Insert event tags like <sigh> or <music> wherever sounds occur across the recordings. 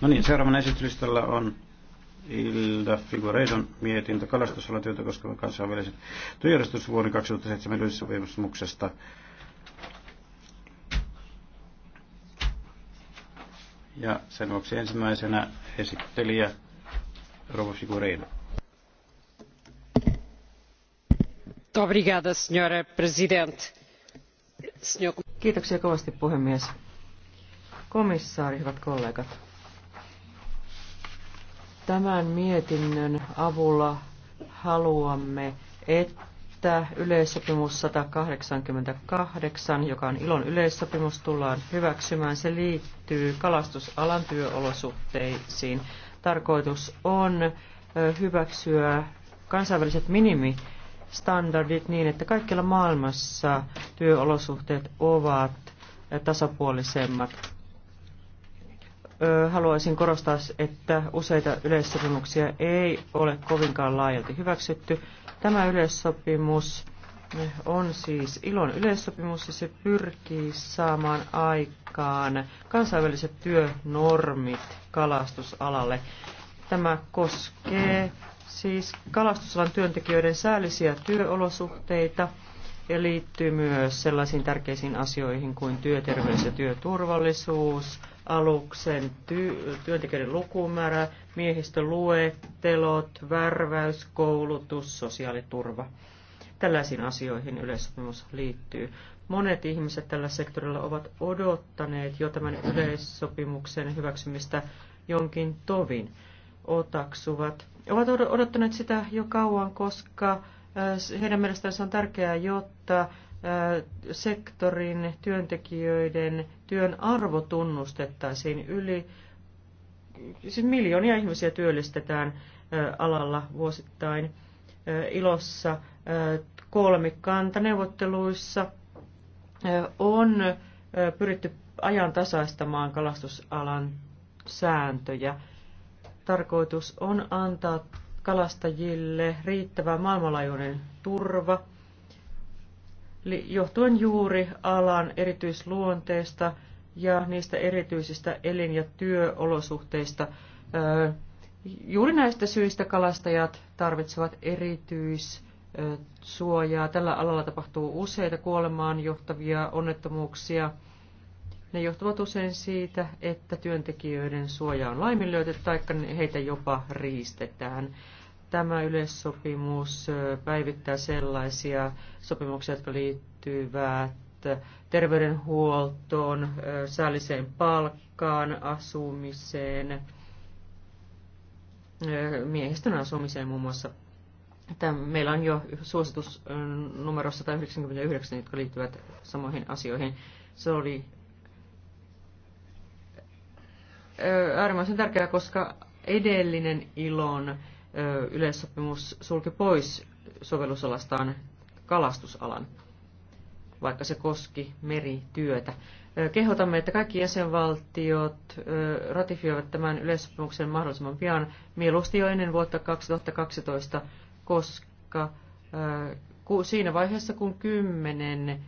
No niin, seuraavana esityslistalla on Ilda Figureidon mietintö kalastusalan työtä koskevan kansainvälisen työjärjestysvuoden 2007 yleissopimuksesta. Ja sen vuoksi ensimmäisenä esittelijä Rova Figureidon. Obrigada, signora president. Kiitoksia kovasti puhemies. Komissaari, hyvät kollegat Tämän mietinnön avulla haluamme, että yleissopimus 188, joka on ilon yleissopimus, tullaan hyväksymään. Se liittyy kalastusalan työolosuhteisiin. Tarkoitus on hyväksyä kansainväliset minimi standardit niin, että kaikilla maailmassa työolosuhteet ovat tasapuolisemmat haluaisin korostaa, että useita yleissopimuksia ei ole kovinkaan laajalti hyväksytty. Tämä yleissopimus on siis ilon yleissopimus ja se pyrkii saamaan aikaan kansainväliset työnormit kalastusalalle. Tämä koskee siis kalastusalan työntekijöiden säällisiä työolosuhteita – ja liittyy myös sellaisiin tärkeisiin asioihin kuin työterveys ja työturvallisuus, aluksen ty- työntekijöiden lukumäärä, miehistöluettelot, värväys, koulutus, sosiaaliturva. Tällaisiin asioihin yleissopimus liittyy. Monet ihmiset tällä sektorilla ovat odottaneet jo tämän yleissopimuksen hyväksymistä jonkin tovin otaksuvat. Ovat odottaneet sitä jo kauan, koska heidän mielestään se on tärkeää, jotta sektorin työntekijöiden työn arvo tunnustettaisiin yli. Siis miljoonia ihmisiä työllistetään alalla vuosittain ilossa kolmikantaneuvotteluissa on pyritty ajan tasaistamaan kalastusalan sääntöjä. Tarkoitus on antaa kalastajille riittävä maailmanlaajuinen turva, johtuen juuri alan erityisluonteesta ja niistä erityisistä elin- ja työolosuhteista. Juuri näistä syistä kalastajat tarvitsevat erityissuojaa. Tällä alalla tapahtuu useita kuolemaan johtavia onnettomuuksia – ne johtuvat usein siitä, että työntekijöiden suoja on laiminlyöty tai heitä jopa riistetään. Tämä yleissopimus päivittää sellaisia sopimuksia, jotka liittyvät terveydenhuoltoon, säälliseen palkkaan, asumiseen, miehistön asumiseen muun muassa. Tämä, meillä on jo suositus numero 199, jotka liittyvät samoihin asioihin. Se oli äärimmäisen tärkeää, koska edellinen ilon yleissopimus sulki pois sovellusalastaan kalastusalan, vaikka se koski merityötä. Kehotamme, että kaikki jäsenvaltiot ratifioivat tämän yleissopimuksen mahdollisimman pian, mieluusti jo ennen vuotta 2012, koska siinä vaiheessa, kun kymmenen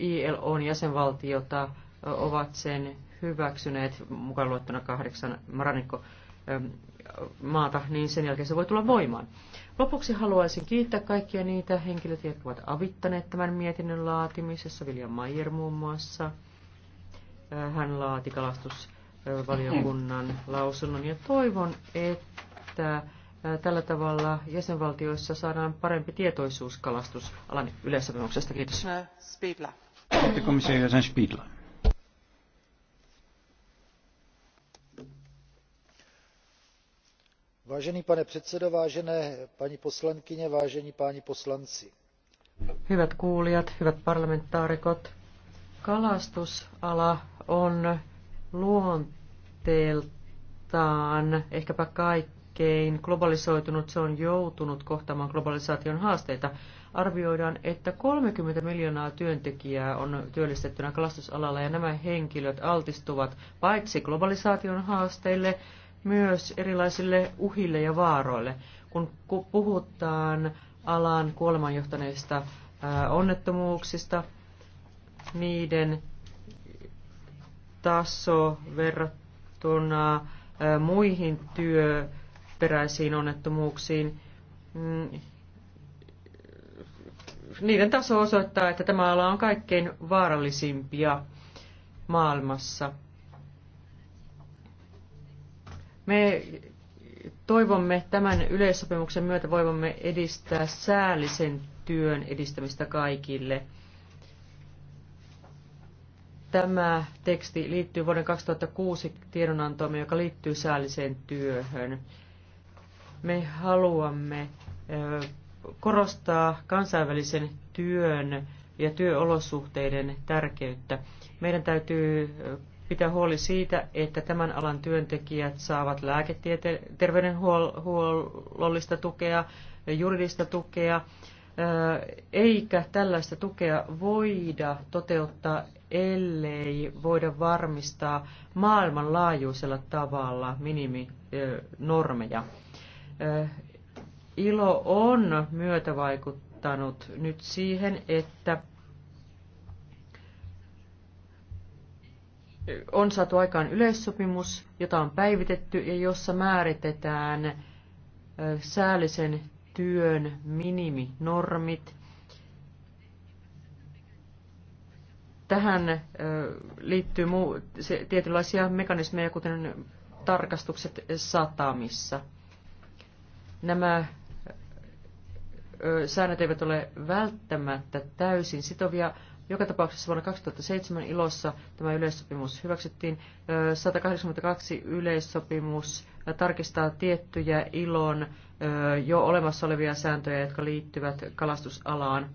ilo jäsenvaltiota ovat sen hyväksyneet mukaan luettuna kahdeksan maranikko ähm, maata, niin sen jälkeen se voi tulla voimaan. Lopuksi haluaisin kiittää kaikkia niitä henkilöitä, jotka ovat avittaneet tämän mietinnön laatimisessa. William Mayer muun muassa. Äh, hän laati kalastusvaliokunnan niin. lausunnon ja toivon, että äh, tällä tavalla jäsenvaltioissa saadaan parempi tietoisuus kalastusalan yleissopimuksesta. Kiitos. Äh, Komissio jäsen Spiedla. vážený pane předsedo vážené paní poslankyně vážení páni poslanci hyvät kuulijat hyvät parlamentaarikot kalastusala on luonteeltaan ehkäpä kaikkein globalisoitunut se on joutunut kohtaamaan globalisaation haasteita arvioidaan, että 30 miljoonaa työntekijää on työllistettynä kalastusalalla ja nämä henkilöt altistuvat paitsi globalisaation haasteille, myös erilaisille uhille ja vaaroille. Kun puhutaan alan kuolemanjohtaneista onnettomuuksista, niiden taso verrattuna muihin työperäisiin onnettomuuksiin, mm, niiden taso osoittaa, että tämä ala on kaikkein vaarallisimpia maailmassa. Me toivomme tämän yleissopimuksen myötä voivamme edistää säällisen työn edistämistä kaikille. Tämä teksti liittyy vuoden 2006 tiedonantoon, joka liittyy säälliseen työhön. Me haluamme korostaa kansainvälisen työn ja työolosuhteiden tärkeyttä. Meidän täytyy pitää huoli siitä, että tämän alan työntekijät saavat lääketieteen terveydenhuollollista tukea, juridista tukea, eikä tällaista tukea voida toteuttaa, ellei voida varmistaa maailmanlaajuisella tavalla miniminormeja. ILO on myötävaikuttanut nyt siihen, että on saatu aikaan yleissopimus, jota on päivitetty ja jossa määritetään säällisen työn miniminormit. Tähän liittyy muu, se, tietynlaisia mekanismeja, kuten tarkastukset satamissa. Nämä säännöt eivät ole välttämättä täysin sitovia, joka tapauksessa vuonna 2007 ilossa tämä yleissopimus hyväksyttiin. 182 yleissopimus tarkistaa tiettyjä ilon jo olemassa olevia sääntöjä, jotka liittyvät kalastusalaan.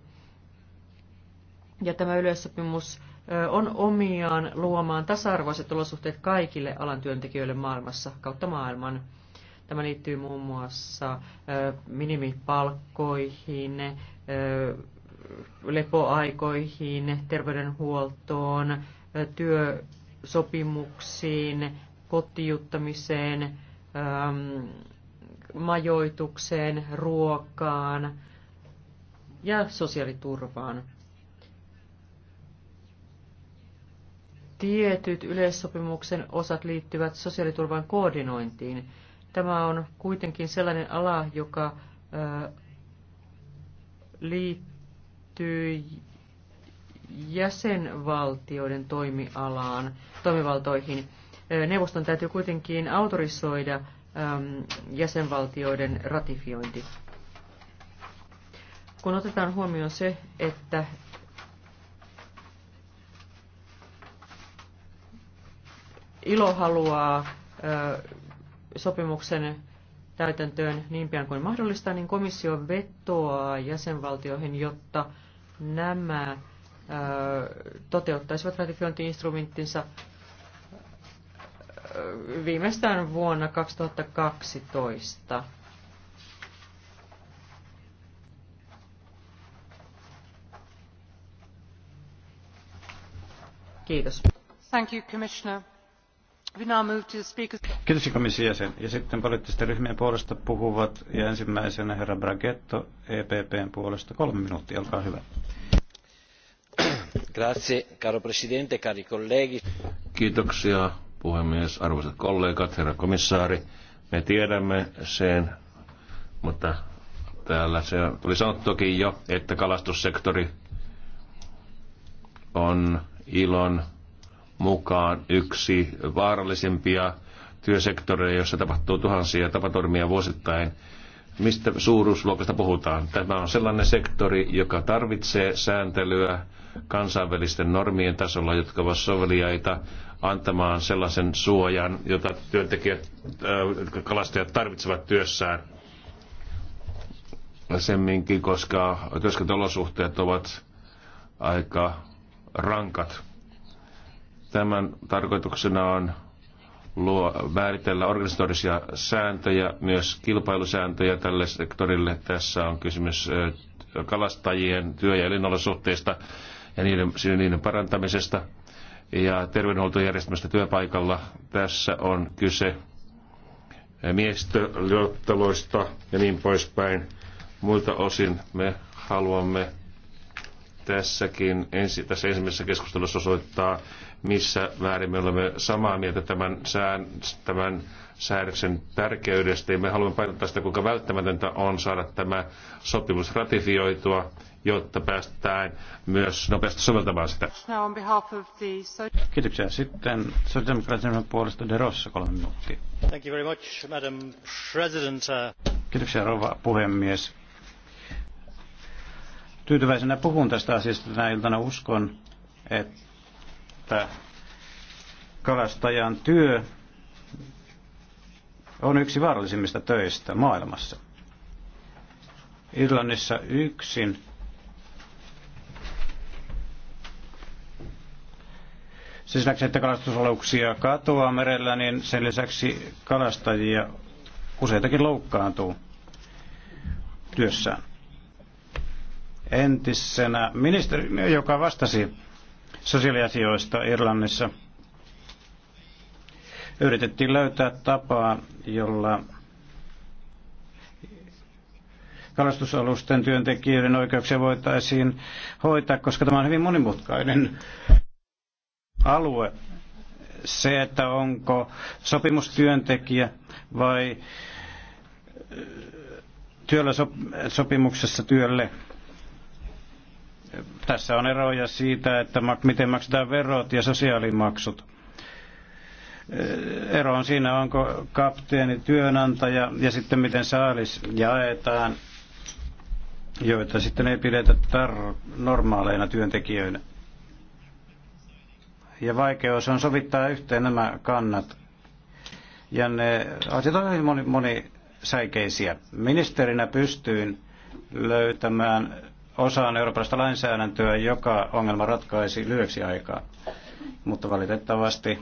Ja tämä yleissopimus on omiaan luomaan tasa-arvoiset olosuhteet kaikille alan työntekijöille maailmassa kautta maailman. Tämä liittyy muun muassa minimipalkkoihin, lepoaikoihin, terveydenhuoltoon, työsopimuksiin, kotiuttamiseen, ähm, majoitukseen, ruokaan ja sosiaaliturvaan. Tietyt yleissopimuksen osat liittyvät sosiaaliturvan koordinointiin. Tämä on kuitenkin sellainen ala, joka äh, liittyy liittyy jäsenvaltioiden toimialaan, toimivaltoihin. Neuvoston täytyy kuitenkin autorisoida jäsenvaltioiden ratifiointi. Kun otetaan huomioon se, että ILO haluaa sopimuksen täytäntöön niin pian kuin mahdollista, niin komissio vetoaa jäsenvaltioihin, jotta nämä toteuttaisivat ratifiointiinstrumenttinsa viimeistään vuonna 2012. Kiitos. Thank you, Commissioner. We now move to the speakers. Kiitos komission jäsen. Ja sitten poliittisten ryhmien puolesta puhuvat ja ensimmäisenä herra Bragetto EPPn puolesta. Kolme minuuttia, olkaa hyvä arvoisa Kiitoksia puhemies, arvoisat kollegat, herra komissaari. Me tiedämme sen, mutta täällä se tuli sanottukin jo, että kalastussektori on ilon mukaan yksi vaarallisimpia työsektoreja, jossa tapahtuu tuhansia tapaturmia vuosittain. Mistä suuruusluokasta puhutaan? Tämä on sellainen sektori, joka tarvitsee sääntelyä, kansainvälisten normien tasolla, jotka ovat soveliaita antamaan sellaisen suojan, jota työntekijät, äh, kalastajat tarvitsevat työssään semminkin, koska työskentelosuhteet ovat aika rankat. Tämän tarkoituksena on luo, määritellä organisatorisia sääntöjä, myös kilpailusääntöjä tälle sektorille. Tässä on kysymys äh, kalastajien työ- ja elinolosuhteista ja niiden, niiden parantamisesta ja terveydenhuoltojärjestelmästä työpaikalla. Tässä on kyse miestöliotteloista ja niin poispäin. Muilta osin me haluamme tässäkin ensi, tässä ensimmäisessä keskustelussa osoittaa, missä väärin me olemme samaa mieltä tämän, sään, tämän säädöksen tärkeydestä ja me haluamme painottaa sitä, kuinka välttämätöntä on saada tämä sopimus ratifioitua, jotta päästään myös nopeasti soveltamaan sitä. Kiitoksia. Sitten sosiaalidemokraattisen puolesta De Rossa kolme minuuttia. Thank you very much, Madam President. Kiitoksia rouva puhemies. Tyytyväisenä puhun tästä asiasta tänä iltana. Uskon, että kalastajan työ on yksi vaarallisimmista töistä maailmassa. Irlannissa yksin sen lisäksi, että kalastusaluksia katoaa merellä, niin sen lisäksi kalastajia useitakin loukkaantuu työssään. Entisenä ministeri, joka vastasi sosiaaliasioista Irlannissa – Yritettiin löytää tapaa, jolla kalastusalusten työntekijöiden oikeuksia voitaisiin hoitaa, koska tämä on hyvin monimutkainen alue. Se, että onko sopimustyöntekijä vai äh, työllä sopimuksessa työlle. Tässä on eroja siitä, että miten maksetaan verot ja sosiaalimaksut Eh, ero on siinä, onko kapteeni työnantaja ja sitten miten saalis jaetaan, joita sitten ei pidetä tar- normaaleina työntekijöinä. Ja vaikeus on sovittaa yhteen nämä kannat. Ja ne asiat on moni, moni säikeisiä. Ministerinä pystyin löytämään osaan eurooppalaista lainsäädäntöä, joka ongelma ratkaisi lyöksi aikaa. Mutta valitettavasti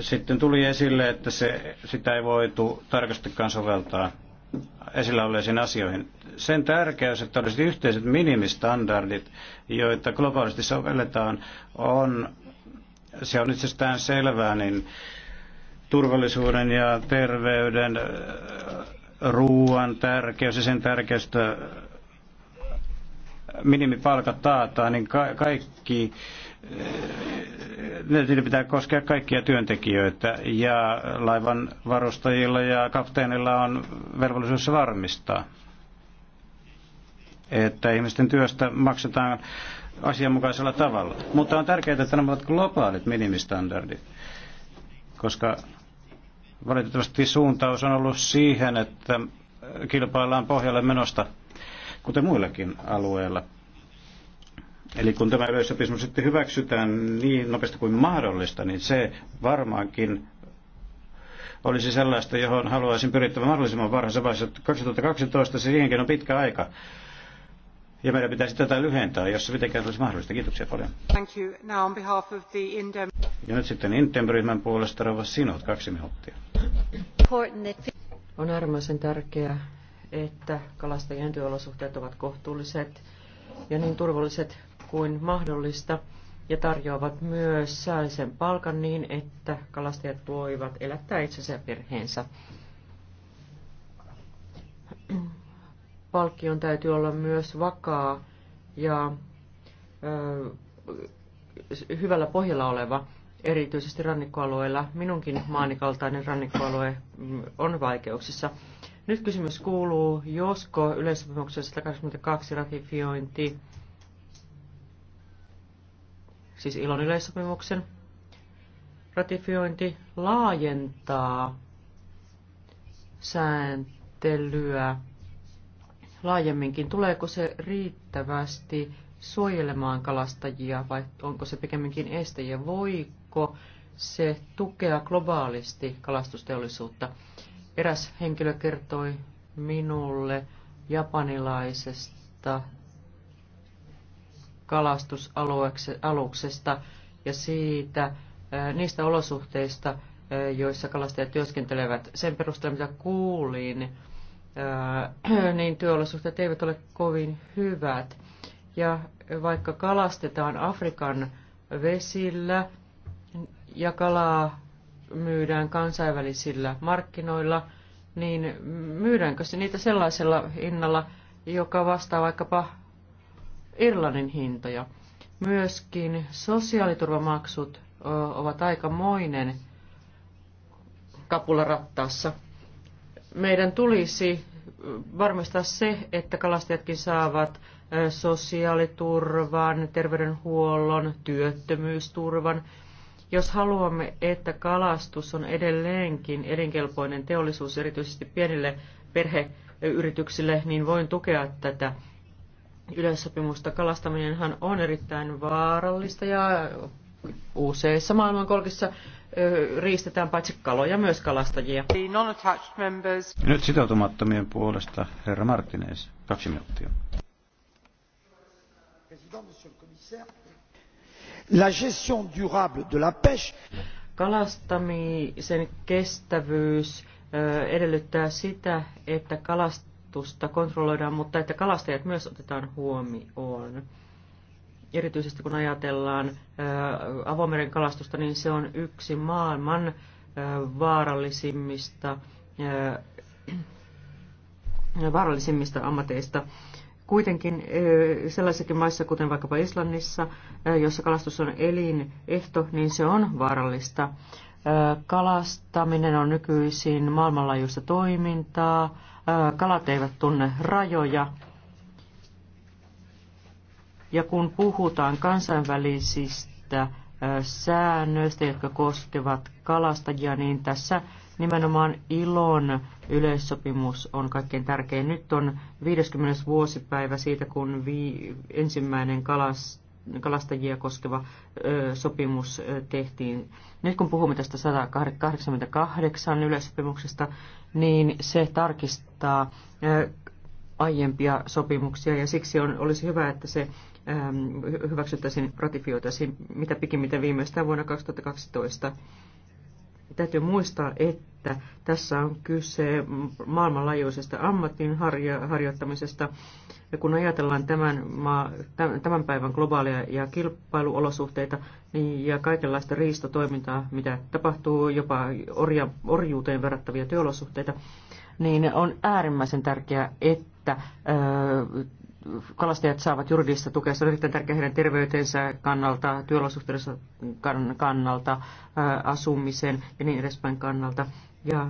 sitten tuli esille, että se, sitä ei voitu tarkastikaan soveltaa esillä olleisiin asioihin. Sen tärkeys, että olisi yhteiset minimistandardit, joita globaalisti sovelletaan, on, se on itsestään selvää, niin turvallisuuden ja terveyden, ruoan tärkeys ja sen tärkeystä minimipalkat taataan, niin ka- kaikki eh, ne pitää koskea kaikkia työntekijöitä ja laivan varustajilla ja kapteenilla on velvollisuus varmistaa, että ihmisten työstä maksetaan asianmukaisella tavalla. Mutta on tärkeää, että nämä ovat globaalit minimistandardit, koska valitettavasti suuntaus on ollut siihen, että kilpaillaan pohjalle menosta – kuten muillakin alueilla. Eli kun tämä yleissopimus sitten hyväksytään niin nopeasti kuin mahdollista, niin se varmaankin olisi sellaista, johon haluaisin pyrittävä mahdollisimman varhaisessa vaiheessa. 2012 siihenkin on pitkä aika. Ja meidän pitäisi tätä lyhentää, jos se mitenkään olisi mahdollista. Kiitoksia paljon. Thank you. Now on behalf of the Indem... Ja nyt sitten Intem-ryhmän puolesta rouva sinut kaksi minuuttia. On armoisen tärkeää, että kalastajien työolosuhteet ovat kohtuulliset ja niin turvalliset kuin mahdollista ja tarjoavat myös säällisen palkan niin, että kalastajat voivat elättää itsensä ja perheensä. Palkkion täytyy olla myös vakaa ja ö, hyvällä pohjalla oleva, erityisesti rannikkoalueilla. Minunkin maanikaltainen rannikkoalue mm, on vaikeuksissa. Nyt kysymys kuuluu, josko yleissopimuksen 182 ratifiointi, siis ilon yleissopimuksen ratifiointi, laajentaa sääntelyä laajemminkin. Tuleeko se riittävästi suojelemaan kalastajia vai onko se pikemminkin este ja voiko se tukea globaalisti kalastusteollisuutta? Eräs henkilö kertoi minulle japanilaisesta kalastusaluksesta ja siitä, niistä olosuhteista, joissa kalastajat työskentelevät. Sen perusteella, mitä kuulin, <clears throat> niin työolosuhteet eivät ole kovin hyvät. Ja vaikka kalastetaan Afrikan vesillä ja kalaa myydään kansainvälisillä markkinoilla, niin myydäänkö se niitä sellaisella hinnalla, joka vastaa vaikkapa Irlannin hintoja? Myöskin sosiaaliturvamaksut ovat aikamoinen kapularattaassa. Meidän tulisi varmistaa se, että kalastajatkin saavat sosiaaliturvan, terveydenhuollon, työttömyysturvan, jos haluamme, että kalastus on edelleenkin elinkelpoinen teollisuus, erityisesti pienille perheyrityksille, niin voin tukea tätä yleissopimusta. Kalastaminenhan on erittäin vaarallista ja useissa maailmankolkissa riistetään paitsi kaloja myös kalastajia. Nyt sitoutumattomien puolesta herra Martinez, kaksi minuuttia la gestion durable de la pêche. Kalastamisen kestävyys edellyttää sitä, että kalastusta kontrolloidaan, mutta että kalastajat myös otetaan huomioon. Erityisesti kun ajatellaan avomeren kalastusta, niin se on yksi maailman vaarallisimmista, vaarallisimmista ammateista. Kuitenkin sellaisissakin maissa, kuten vaikkapa Islannissa, jossa kalastus on elinehto, niin se on vaarallista. Kalastaminen on nykyisin maailmanlaajuista toimintaa, kalat eivät tunne rajoja. Ja kun puhutaan kansainvälisistä säännöistä, jotka koskevat kalastajia, niin tässä Nimenomaan ilon yleissopimus on kaikkein tärkein. Nyt on 50. vuosipäivä siitä, kun vi- ensimmäinen kalas, kalastajia koskeva ö, sopimus ö, tehtiin. Nyt kun puhumme tästä 188 yleissopimuksesta, niin se tarkistaa ö, aiempia sopimuksia ja siksi on, olisi hyvä, että se hyväksyttäisiin, ratifioitaisiin mitä pikimmiten viimeistään vuonna 2012. Täytyy muistaa, että että tässä on kyse maailmanlaajuisesta ammatin harjoittamisesta. Ja kun ajatellaan tämän, maa, tämän päivän globaalia ja kilpailuolosuhteita niin, ja kaikenlaista riistotoimintaa, mitä tapahtuu, jopa orja, orjuuteen verrattavia työolosuhteita, niin on äärimmäisen tärkeää, että ö, kalastajat saavat juridista tukea. Se on erittäin tärkeää heidän terveytensä kannalta, työolosuhteiden kannalta, asumisen ja niin edespäin kannalta ja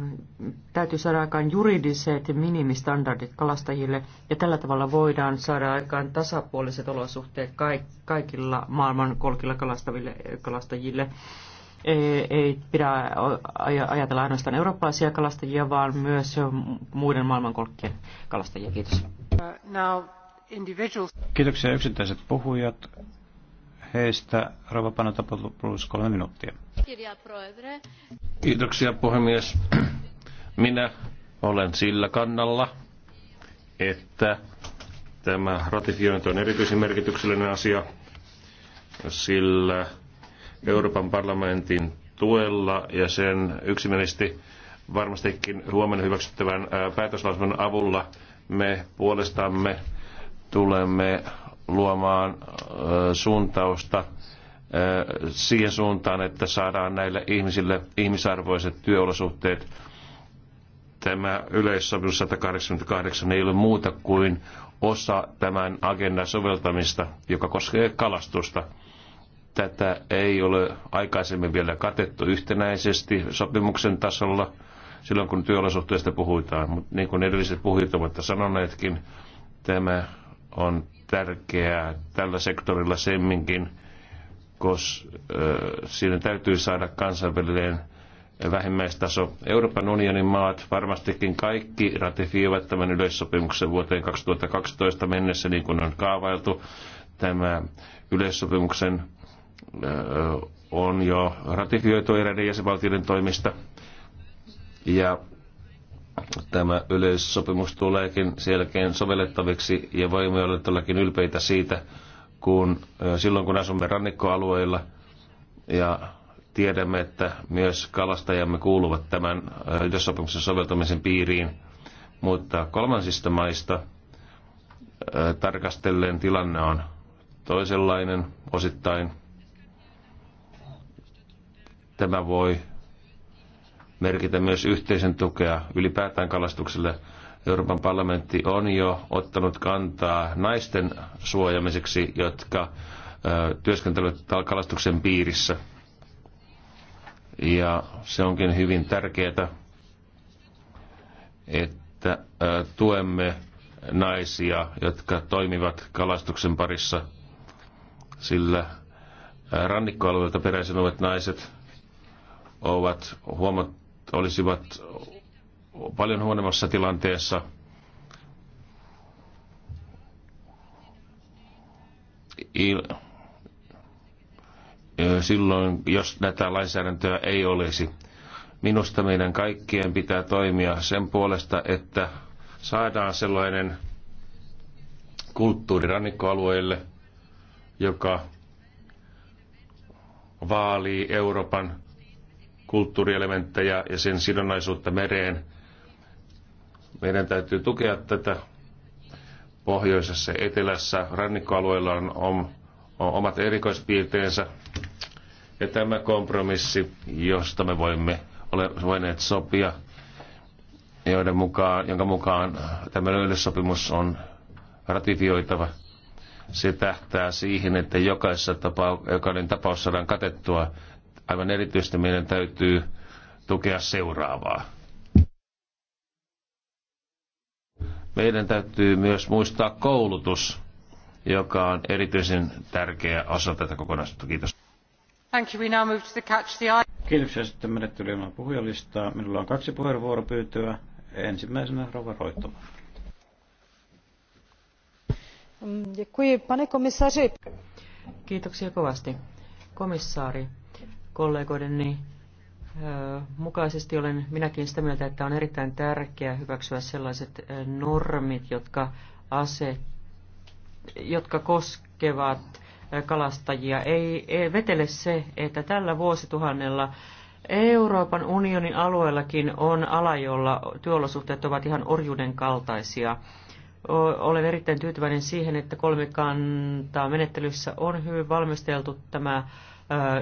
täytyy saada aikaan juridiset minimistandardit kalastajille, ja tällä tavalla voidaan saada aikaan tasapuoliset olosuhteet kaikilla maailman kolkilla kalastaville, kalastajille. Ei, ei pidä ajatella ainoastaan eurooppalaisia kalastajia, vaan myös muiden maailmankolkkien kalastajia. Kiitos. Uh, now, individuals... Kiitoksia yksittäiset puhujat. Heistä rouva Panatapoulos kolme minuuttia. Kiitoksia puhemies. Minä olen sillä kannalla, että tämä ratifiointi on erityisen merkityksellinen asia, sillä Euroopan parlamentin tuella ja sen yksimielisesti varmastikin huomenna hyväksyttävän päätöslauselman avulla me puolestamme tulemme luomaan suuntausta siihen suuntaan, että saadaan näille ihmisille ihmisarvoiset työolosuhteet. Tämä yleissopimus 188 ei ole muuta kuin osa tämän agendan soveltamista, joka koskee kalastusta. Tätä ei ole aikaisemmin vielä katettu yhtenäisesti sopimuksen tasolla silloin, kun työolosuhteista puhutaan. Mutta niin kuin edelliset puhujat ovat sanoneetkin, tämä on tärkeää tällä sektorilla semminkin, koska siinä täytyy saada kansainvälinen vähimmäistaso. Euroopan unionin maat varmastikin kaikki ratifioivat tämän yleissopimuksen vuoteen 2012 mennessä, niin kuin on kaavailtu. Tämä yleissopimuksen on jo ratifioitu eräiden jäsenvaltioiden toimista. Ja tämä yleissopimus tuleekin selkeän sovellettaviksi ja voimme olla todellakin ylpeitä siitä, kun, silloin kun asumme rannikkoalueilla ja tiedämme, että myös kalastajamme kuuluvat tämän yhdessopimuksen soveltamisen piiriin, mutta kolmansista maista tarkastellen tilanne on toisenlainen osittain. Tämä voi merkitä myös yhteisen tukea ylipäätään kalastukselle Euroopan parlamentti on jo ottanut kantaa naisten suojamiseksi, jotka työskentelevät kalastuksen piirissä. Ja se onkin hyvin tärkeää, että tuemme naisia, jotka toimivat kalastuksen parissa, sillä rannikkoalueelta peräisin olevat naiset ovat huomat, olisivat paljon huonommassa tilanteessa. Il- silloin, jos tätä lainsäädäntöä ei olisi. Minusta meidän kaikkien pitää toimia sen puolesta, että saadaan sellainen kulttuuri rannikkoalueelle, joka vaalii Euroopan kulttuurielementtejä ja sen sidonnaisuutta mereen – meidän täytyy tukea tätä pohjoisessa, etelässä, rannikkoalueilla on, on, on omat erikoispiirteensä. Ja tämä kompromissi, josta me voimme ole voineet sopia, joiden mukaan, jonka mukaan tämä löydösopimus on ratifioitava. Se tähtää siihen, että jokaisessa tapa, jokainen tapaus saadaan katettua. Aivan erityisesti meidän täytyy tukea seuraavaa. Meidän täytyy myös muistaa koulutus, joka on erityisen tärkeä osa tätä kokonaisuutta. Kiitos. Thank you. We now move to the catch the eye. Kiitoksia. Sitten menettely ilman puhujalistaa. Minulla on kaksi puheenvuoropyyntöä. Ensimmäisenä Rova Roittoma. pane Kiitoksia kovasti. Komissaari, kollegoideni mukaisesti olen minäkin sitä mieltä, että on erittäin tärkeää hyväksyä sellaiset normit, jotka, ase, jotka koskevat kalastajia. Ei, ei vetele se, että tällä vuosituhannella Euroopan unionin alueellakin on ala, jolla työolosuhteet ovat ihan orjuuden kaltaisia. Olen erittäin tyytyväinen siihen, että kolmikantaa menettelyssä on hyvin valmisteltu tämä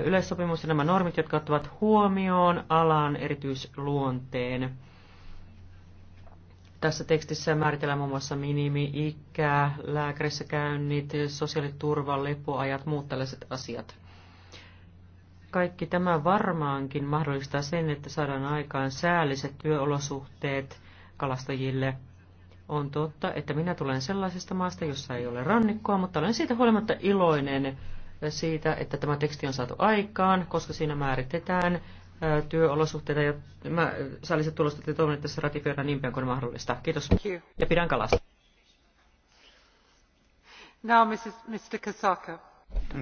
yleissopimus ja nämä normit, jotka ottavat huomioon alan erityisluonteen. Tässä tekstissä määritellään muun muassa minimi-ikä, lääkärissä käynnit, sosiaaliturva, lepoajat, muut tällaiset asiat. Kaikki tämä varmaankin mahdollistaa sen, että saadaan aikaan säälliset työolosuhteet kalastajille. On totta, että minä tulen sellaisesta maasta, jossa ei ole rannikkoa, mutta olen siitä huolimatta iloinen siitä, että tämä teksti on saatu aikaan, koska siinä määritetään työolosuhteita ja mä, saalliset tulostat ja toivon, että se ratifioidaan niin pian kuin mahdollista. Kiitos. Ja pidän kalasta. Now, Mrs. Mr. Kasaka.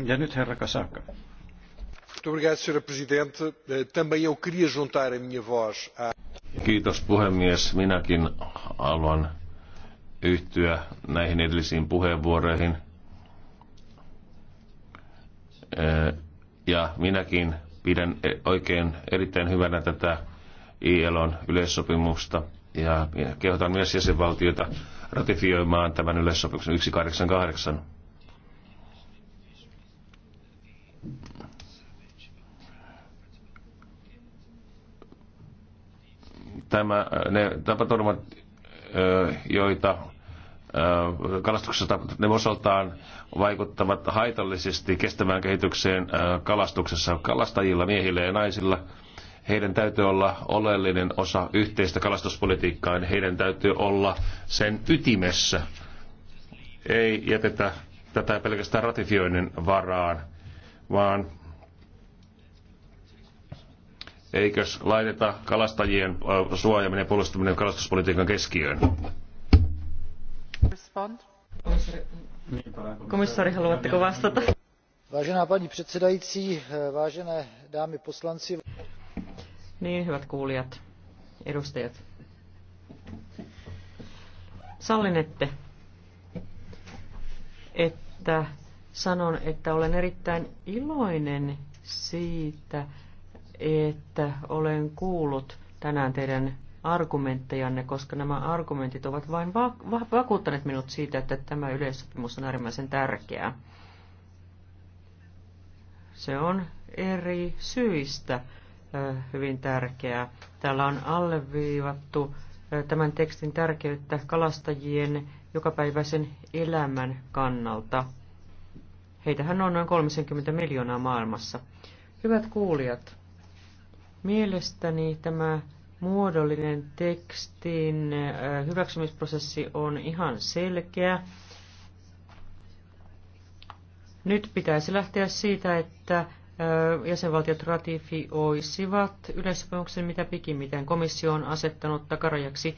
Ja nyt herra Kasaka. Eh, Kiitos puhemies. Minäkin haluan yhtyä näihin edellisiin puheenvuoroihin ja minäkin pidän e, oikein erittäin hyvänä tätä ILOn yleissopimusta ja kehotan myös jäsenvaltioita ratifioimaan tämän yleissopimuksen 188. Tämä, ne tapaturmat, joita Kalastuksessa ne osaltaan vaikuttavat haitallisesti kestävään kehitykseen kalastuksessa kalastajilla, miehillä ja naisilla. Heidän täytyy olla oleellinen osa yhteistä kalastuspolitiikkaa, niin heidän täytyy olla sen ytimessä. Ei jätetä tätä pelkästään ratifioinnin varaan, vaan eikös laiteta kalastajien suojaminen ja puolustaminen kalastuspolitiikan keskiöön respond? Komissaari, haluatteko vastata? Vážená paní předsedající, vážené dámy poslanci. Niin, hyvät kuulijat, edustajat. Sallinette, että sanon, että olen erittäin iloinen siitä, että olen kuullut tänään teidän argumenttejanne, koska nämä argumentit ovat vain va- va- vakuuttaneet minut siitä, että tämä yleissopimus on äärimmäisen tärkeää. Se on eri syistä hyvin tärkeää. Täällä on alleviivattu tämän tekstin tärkeyttä kalastajien jokapäiväisen elämän kannalta. Heitähän on noin 30 miljoonaa maailmassa. Hyvät kuulijat, mielestäni tämä muodollinen tekstin hyväksymisprosessi on ihan selkeä. Nyt pitäisi lähteä siitä, että jäsenvaltiot ratifioisivat yleissopimuksen mitä pikimmiten. Komissio on asettanut takarajaksi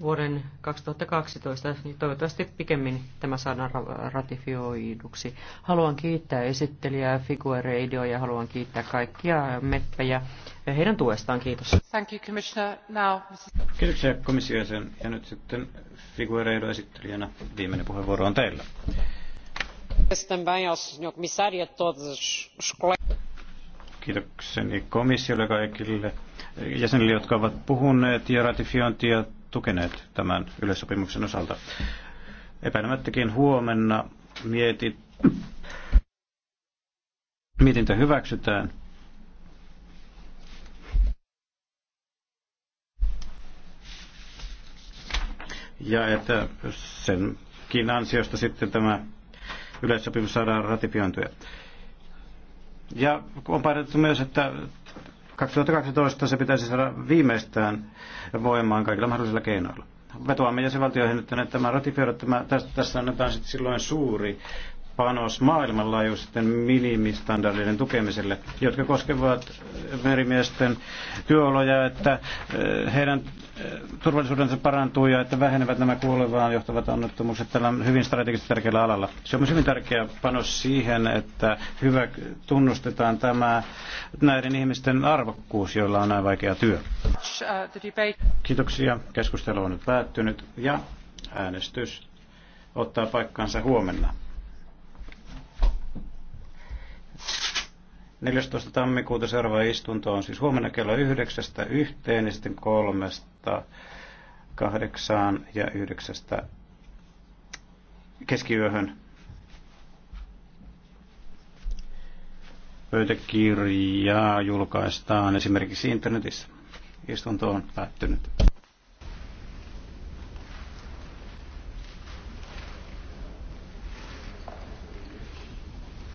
vuoden 2012, niin toivottavasti pikemmin tämä saadaan ratifioiduksi. Haluan kiittää esittelijää Radio ja haluan kiittää kaikkia meppejä heidän tuestaan. Kiitos. Thank you, Commissioner. Now, Mrs. Kiitoksia komissioon ja nyt sitten Radio esittelijänä viimeinen puheenvuoro on teillä. E Kiitokseni komissiolle kaikille jäsenille, jotka ovat puhuneet ja ratifiointia tukeneet tämän yleissopimuksen osalta. Epäilemättäkin huomenna mietit, mietintö hyväksytään. Ja että senkin ansiosta sitten tämä yleissopimus saadaan ratifiointuja. Ja on painettu myös, että 2012 se pitäisi saada viimeistään voimaan kaikilla mahdollisilla keinoilla. Vetoamme jäsenvaltioihin että tämä ratifioida. Tämä, tästä, tässä annetaan sitten silloin suuri panos maailmanlaajuisten minimistandardien tukemiselle, jotka koskevat merimiesten työoloja, että eh, heidän eh, turvallisuudensa parantuu ja että vähenevät nämä kuolevaan johtavat onnettomuukset tällä hyvin strategisesti tärkeällä alalla. Se on myös hyvin tärkeä panos siihen, että hyvä tunnustetaan tämä näiden ihmisten arvokkuus, joilla on näin vaikea työ. Kiitoksia. Keskustelu on nyt päättynyt ja äänestys ottaa paikkansa huomenna. 14. tammikuuta seuraava istunto on siis huomenna kello 9 yhteen ja sitten kolmesta kahdeksaan ja yhdeksästä keskiyöhön. Pöytäkirjaa julkaistaan esimerkiksi internetissä. Istunto on päättynyt.